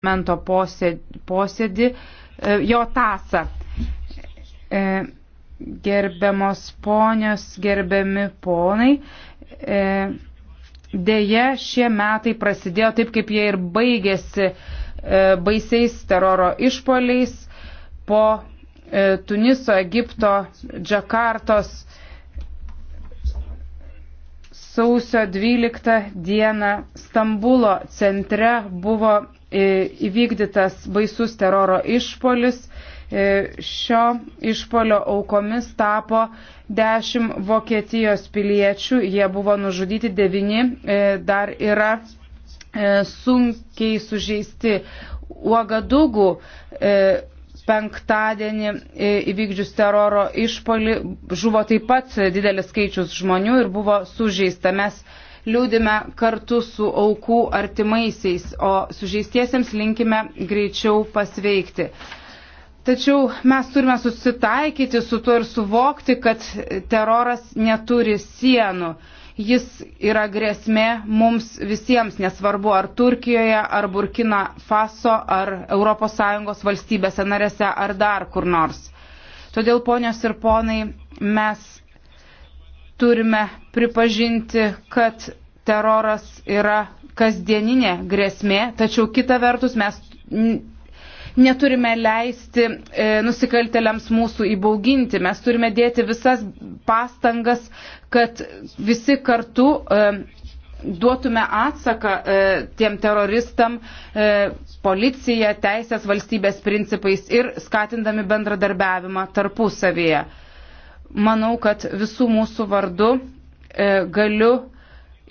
parlamento posėdį, posėdį e, jo tasą. E, gerbiamos ponios, gerbiami ponai, dėje šie metai prasidėjo taip, kaip jie ir baigėsi e, baisiais teroro išpoliais po Tuniso, Egipto, Džakartos sausio 12 dieną Stambulo centre buvo e, įvykdytas baisus teroro išpolis. E, šio išpolio aukomis tapo 10 Vokietijos piliečių, jie buvo nužudyti 9, e, dar yra sunkiai sužeisti. Uogadugų penktadienį e, įvykdžius teroro išpolį žuvo taip pat didelis skaičius žmonių ir buvo sužeista. Mes liūdime kartu su aukų artimaisiais, o sužeistiesiems linkime greičiau pasveikti. Tačiau mes turime susitaikyti su tuo ir suvokti, kad teroras neturi sienų jis yra grėsmė mums visiems, nesvarbu ar Turkijoje, ar Burkina Faso, ar ES valstybėse narėse, ar dar kur nors. Todėl, ponios ir ponai, mes turime pripažinti, kad teroras yra kasdieninė grėsmė, tačiau kita vertus mes neturime leisti e, nusikaltėliams mūsų įbauginti. Mes turime dėti visas pastangas, kad visi kartu e, duotume atsaką e, tiem teroristam e, policija, teisės valstybės principais ir skatindami bendradarbiavimą tarpusavėje. Manau, kad visų mūsų vardu e, galiu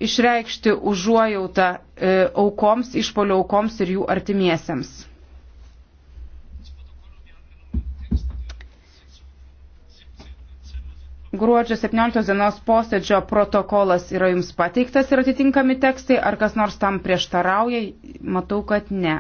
išreikšti užuojautą e, aukoms, išpolio aukoms ir jų artimiesiems. Gruodžio 17 dienos posėdžio protokolas yra jums pateiktas ir atitinkami tekstai, ar kas nors tam prieštarauja, matau, kad ne.